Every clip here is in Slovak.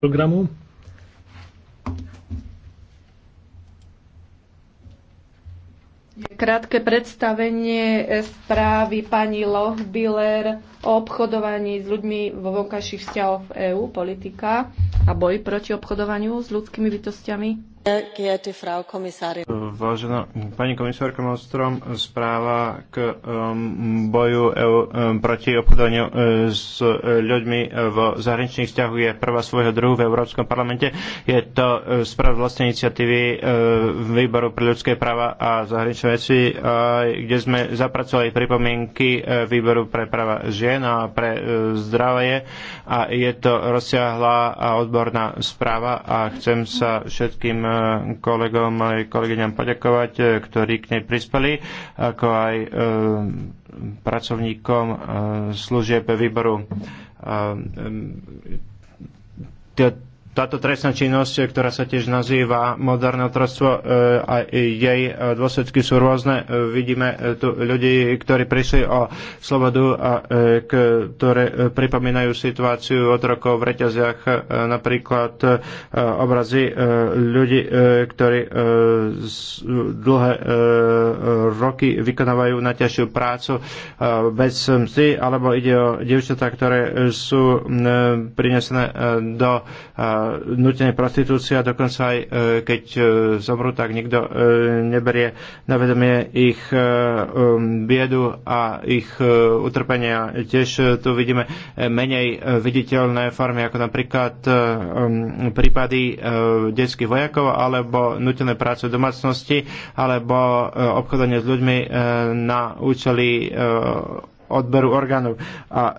programu. Krátke predstavenie eh, správy pani Lochbiller o obchodovaní s ľuďmi vo vonkajších vzťahoch EÚ, politika a boj proti obchodovaniu s ľudskými bytostiami. Vážená pani komisárka Malmström, správa k um, boju um, proti obchodovaniu uh, s ľuďmi v zahraničných vzťahoch je prvá svojho druhu v Európskom parlamente. Je to uh, správa vlastnej iniciatívy uh, Výboru pre ľudské práva a zahraničné veci, kde sme zapracovali pripomienky Výboru pre práva žien a pre zdravie a je to rozsiahla a odborná správa a chcem sa všetkým kolegom aj kolegyňam poďakovať, e, ktorí k nej prispeli, ako aj e, pracovníkom e, služieb výboru táto trestná činnosť, ktorá sa tiež nazýva moderné otroctvo e, a jej e, dôsledky sú rôzne. E, vidíme tu ľudí, ktorí prišli o slobodu a ktoré pripomínajú situáciu otrokov v reťaziach, napríklad obrazy ľudí, ktorí dlhé roky vykonávajú najťažšiu prácu bez mzdy, alebo ide o dievčatá, ktoré sú prinesené do nutenie prostitúcia, dokonca aj e, keď e, zomru, tak nikto e, neberie na vedomie ich um, biedu a ich utrpenia. Tiež tu vidíme menej viditeľné formy, ako napríklad um, prípady detských vojakov, alebo nutené práce v domácnosti, alebo obchodanie s ľuďmi na účely odberu orgánov. A e,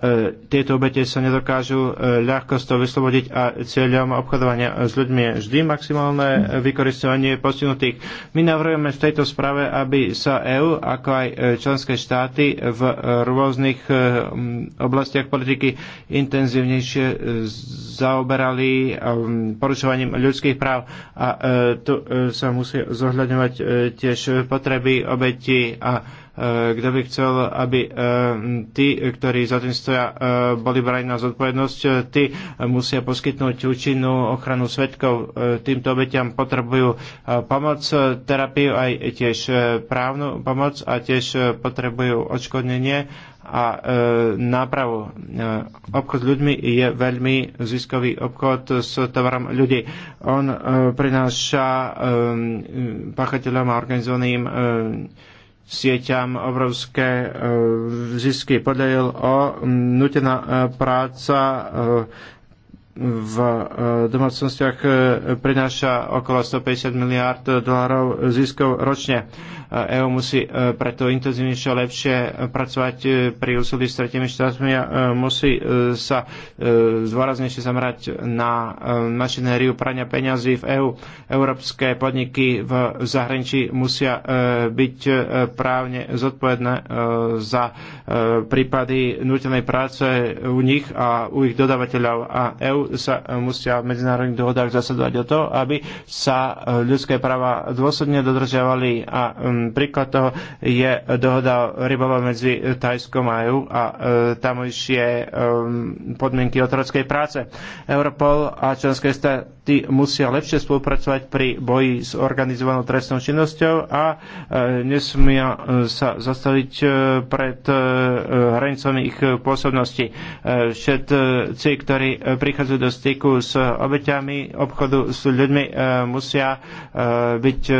tieto obete sa nedokážu e, ľahko z toho vyslobodiť a cieľom obchodovania s ľuďmi je vždy maximálne vykoristovanie postihnutých. My navrhujeme v tejto správe, aby sa EÚ, ako aj e, členské štáty v e, rôznych e, oblastiach politiky intenzívnejšie e, zaoberali e, porušovaním ľudských práv a e, tu e, sa musí zohľadňovať e, tiež potreby obetí a E, kto by chcel, aby e, tí, ktorí za tým stoja, e, boli brani na zodpovednosť, tí musia poskytnúť účinnú ochranu svetkov. Týmto obeťam potrebujú pomoc, terapiu aj tiež právnu pomoc a tiež potrebujú odškodnenie a e, nápravu. E, obchod s ľuďmi je veľmi ziskový obchod s tovarom ľudí. On e, prináša e, pachateľom a organizovaným e, sieťam obrovské e, zisky. Podelil o nutená e, práca e, v eh, domácnostiach eh, prináša okolo 150 miliard dolárov ziskov ročne. EU eh, e musí preto intenzívnejšie a lepšie pracovať pri úsilí s tretimi štátmi a musí sa zdôraznejšie zamerať na mašinériu prania peňazí v EÚ. EU. Európske podniky v zahraničí musia byť právne zodpovedné za prípady nutenej práce u nich a u ich dodávateľov a EÚ sa e, musia v medzinárodných dohodách zasadovať o to, aby sa e, ľudské práva dôsledne dodržiavali a príklad toho je dohoda rybova medzi Tajskom a EU a e, tam už je podmienky otrockej práce. Europol a členské štáty musia lepšie spolupracovať pri boji s organizovanou trestnou činnosťou a nesmia sa zastaviť pred hranicami ich pôsobnosti. Všetci, ktorí prichádzajú prichádzajú do styku s obeťami obchodu s ľuďmi, e, musia e, byť e,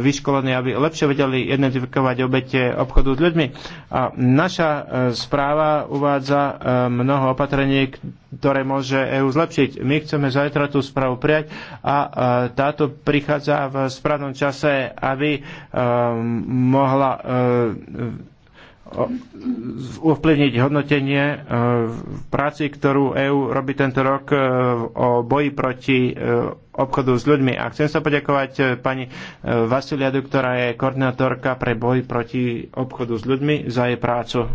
vyškolení, aby lepšie vedeli identifikovať obete obchodu s ľuďmi. A naša správa uvádza mnoho opatrení, ktoré môže EU zlepšiť. My chceme zajtra tú správu prijať a táto prichádza v správnom čase, aby mohla ovplyvniť hodnotenie e, v práci, ktorú EÚ robí tento rok e, o boji proti e, obchodu s ľuďmi. A chcem sa poďakovať pani Vasiliadu, ktorá je koordinátorka pre boj proti obchodu s ľuďmi za jej prácu.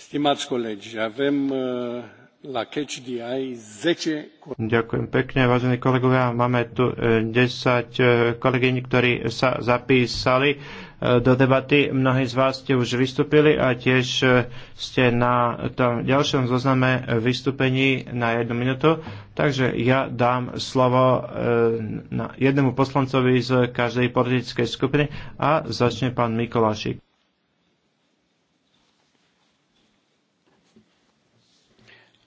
Stimați colegi, avem Ďakujem pekne, vážení kolegovia. Máme tu 10 e, e, kolegyň, ktorí sa zapísali e, do debaty. Mnohí z vás ste už vystúpili a tiež ste na tom ďalšom zozname vystúpení na jednu minútu. Takže ja dám slovo jednému poslancovi z každej politickej skupiny a začne pán Mikolášik.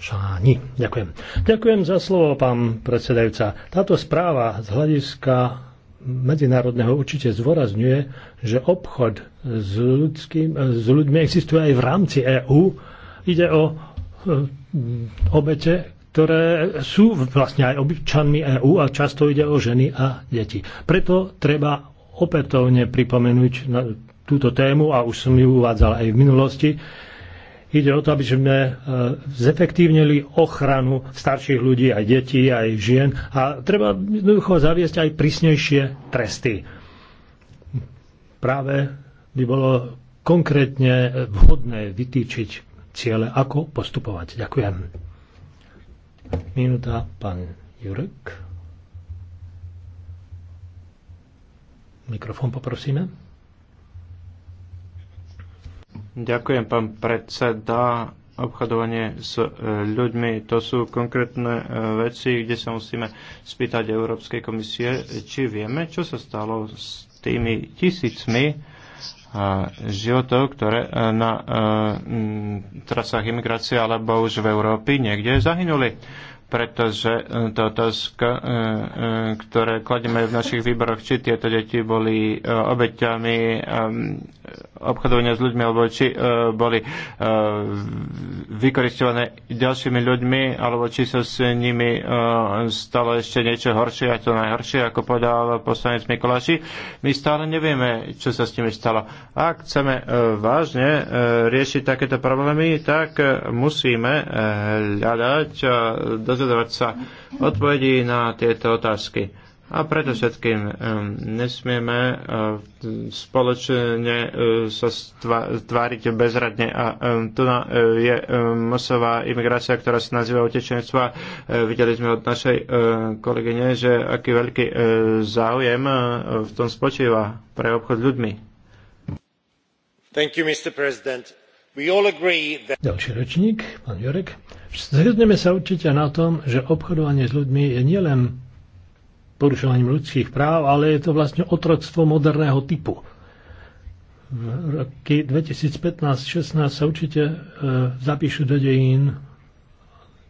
Šáni. Ďakujem. Ďakujem za slovo, pán predsedajúca. Táto správa z hľadiska medzinárodného určite zdôrazňuje, že obchod s, ľudským, s ľuďmi existuje aj v rámci EÚ. Ide o e, obete, ktoré sú vlastne aj občanmi EÚ a často ide o ženy a deti. Preto treba opätovne pripomenúť túto tému a už som ju uvádzal aj v minulosti Ide o to, aby sme e, zefektívnili ochranu starších ľudí, aj detí, aj žien. A treba jednoducho zaviesť aj prísnejšie tresty. Práve by bolo konkrétne vhodné vytýčiť ciele, ako postupovať. Ďakujem. Minúta, pán Jurek. Mikrofón poprosíme. Ďakujem, pán predseda. Obchodovanie s e, ľuďmi, to sú konkrétne e, veci, kde sa musíme spýtať Európskej komisie, či vieme, čo sa stalo s tými tisícmi e, životov, ktoré na trasách imigrácie alebo už v Európe niekde zahynuli pretože e, tá otázka, e, e, ktoré kladieme v našich výboroch, či tieto deti boli obeťami obchodovania s ľuďmi, alebo či boli vykoristované ďalšími ľuďmi, alebo či sa s nimi stalo ešte niečo horšie, a to najhoršie, ako povedal poslanec Mikuláši. My stále nevieme, čo sa s nimi stalo. Ak chceme vážne riešiť takéto problémy, tak musíme hľadať do dozvedovať sa odpovedí na tieto otázky. A preto všetkým um, nesmieme uh, spoločne uh, sa tváriť bezradne. A um, tu na, uh, je um, masová imigrácia, ktorá sa nazýva utečenstvo. Uh, videli sme od našej uh, kolegyne, že aký veľký uh, záujem uh, v tom spočíva pre obchod ľuďmi. Thank you, Mr. Ďalší rečník, pán Jurek. Zhodneme sa určite na tom, že obchodovanie s ľuďmi je nielen porušovaním ľudských práv, ale je to vlastne otroctvo moderného typu. V roky 2015-16 sa určite e, zapíšu do dejín,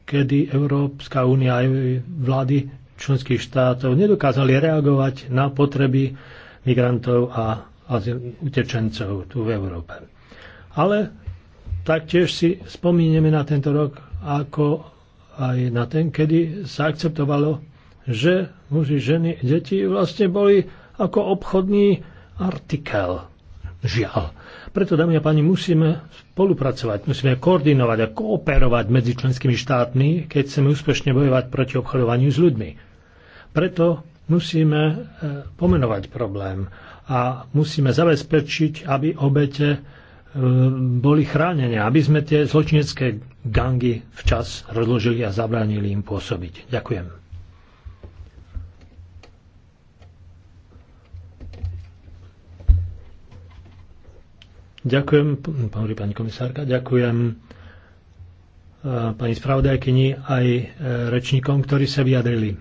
kedy Európska únia aj vlády členských štátov nedokázali reagovať na potreby migrantov a utečencov tu v Európe. Ale taktiež si spomíneme na tento rok ako aj na ten, kedy sa akceptovalo, že muži, ženy, deti vlastne boli ako obchodný artikel. Žiaľ. Preto, dámy a páni, musíme spolupracovať, musíme koordinovať a kooperovať medzi členskými štátmi, keď chceme úspešne bojovať proti obchodovaniu s ľuďmi. Preto musíme e, pomenovať problém a musíme zabezpečiť, aby obete Ehm, boli chránené, aby sme tie zločinecké gangy včas rozložili a zabránili im pôsobiť. Ďakujem. Ďakujem, hovorí pani komisárka, ďakujem e, pani spravodajkyni aj e, rečníkom, ktorí sa vyjadrili.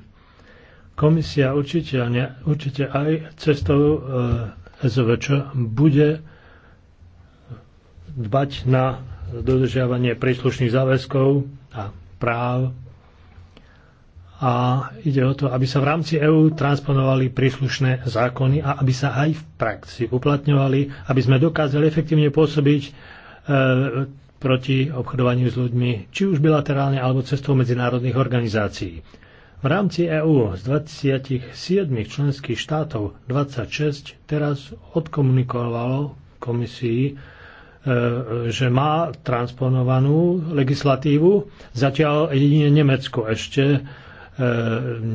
Komisia určite, ne, určite aj cestou e, SVČ bude dbať na dodržiavanie príslušných záväzkov a práv a ide o to, aby sa v rámci EÚ transponovali príslušné zákony a aby sa aj v praxi uplatňovali, aby sme dokázali efektívne pôsobiť e, proti obchodovaniu s ľuďmi, či už bilaterálne alebo cestou medzinárodných organizácií. V rámci EÚ z 27 členských štátov 26 teraz odkomunikovalo komisii E, že má transponovanú legislatívu. Zatiaľ jedine Nemecko ešte e,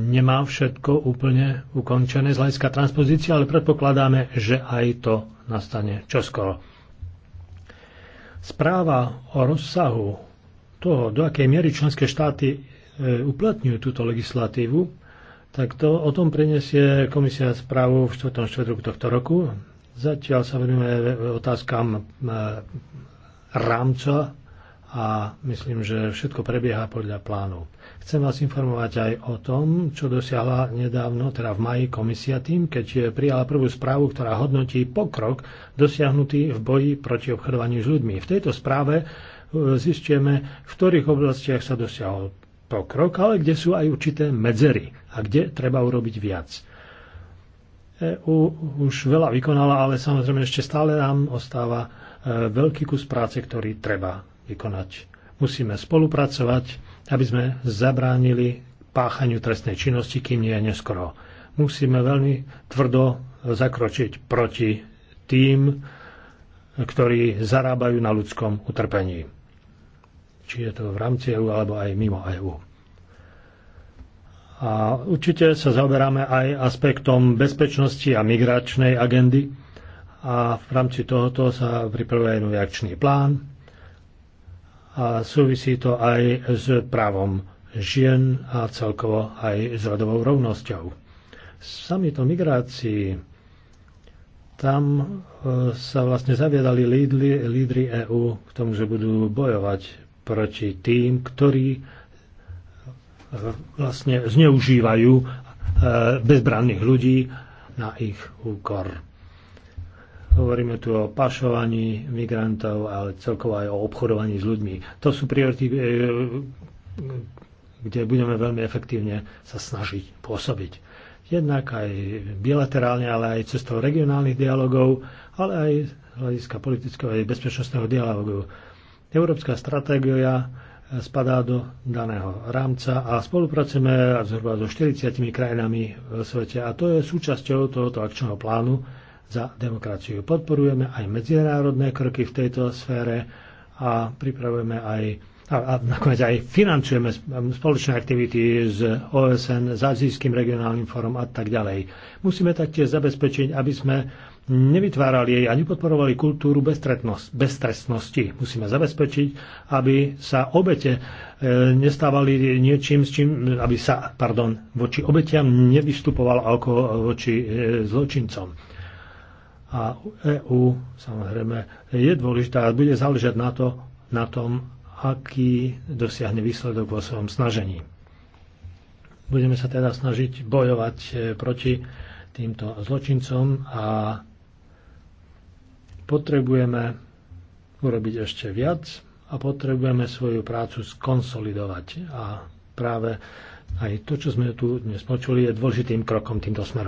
nemá všetko úplne ukončené z hľadiska transpozície, ale predpokladáme, že aj to nastane čoskoro. Správa o rozsahu toho, do akej miery členské štáty e, uplatňujú túto legislatívu, tak to o tom preniesie komisia správu v 4. štvrtku tohto roku Zatiaľ sa venujeme otázkam e, rámca a myslím, že všetko prebieha podľa plánu. Chcem vás informovať aj o tom, čo dosiahla nedávno, teda v maji komisia tým, keď prijala prvú správu, ktorá hodnotí pokrok dosiahnutý v boji proti obchodovaniu s ľuďmi. V tejto správe e, zistíme, v ktorých oblastiach sa dosiahol pokrok, ale kde sú aj určité medzery a kde treba urobiť viac. EU už veľa vykonala, ale samozrejme ešte stále nám ostáva e, veľký kus práce, ktorý treba vykonať. Musíme spolupracovať, aby sme zabránili páchaniu trestnej činnosti, kým nie je neskoro. Musíme veľmi tvrdo zakročiť proti tým, ktorí zarábajú na ľudskom utrpení. Či je to v rámci EU alebo aj mimo EU. A určite sa zaoberáme aj aspektom bezpečnosti a migračnej agendy. A v rámci tohoto sa pripravuje nový akčný plán. A súvisí to aj s právom žien a celkovo aj s rodovou rovnosťou. Sami to migrácii, tam e, sa vlastne zaviedali lídry, lídry e EÚ k tomu, že budú bojovať proti tým, ktorí vlastne zneužívajú e, bezbranných ľudí na ich úkor. Hovoríme tu o pašovaní migrantov, ale celkovo aj o obchodovaní s ľuďmi. To sú priority, e, kde budeme veľmi efektívne sa snažiť pôsobiť. Jednak aj bilaterálne, ale aj cestou regionálnych dialogov, ale aj z hľadiska politického a bezpečnostného dialogu. Európska stratégia spadá do daného rámca a spolupracujeme zhruba so 40 krajinami v svete a to je súčasťou tohoto akčného plánu za demokraciu. Podporujeme aj medzinárodné kroky v tejto sfére a pripravujeme aj a, a nakoniec aj financujeme spoločné aktivity s OSN, s Azijským regionálnym fórom a tak ďalej. Musíme taktiež zabezpečiť, aby sme nevytvárali jej a nepodporovali kultúru stresnosti. Musíme zabezpečiť, aby sa obete e, nestávali niečím, s čím, aby sa, pardon, voči obetiam nevystupovalo ako voči e, zločincom. A EU samozrejme je dôležitá a bude záležať na, to, na tom, aký dosiahne výsledok vo svojom snažení. Budeme sa teda snažiť bojovať e, proti týmto zločincom a Potrebujeme urobiť ešte viac a potrebujeme svoju prácu skonsolidovať. A práve aj to, čo sme tu dnes počuli, je dôležitým krokom týmto smerom.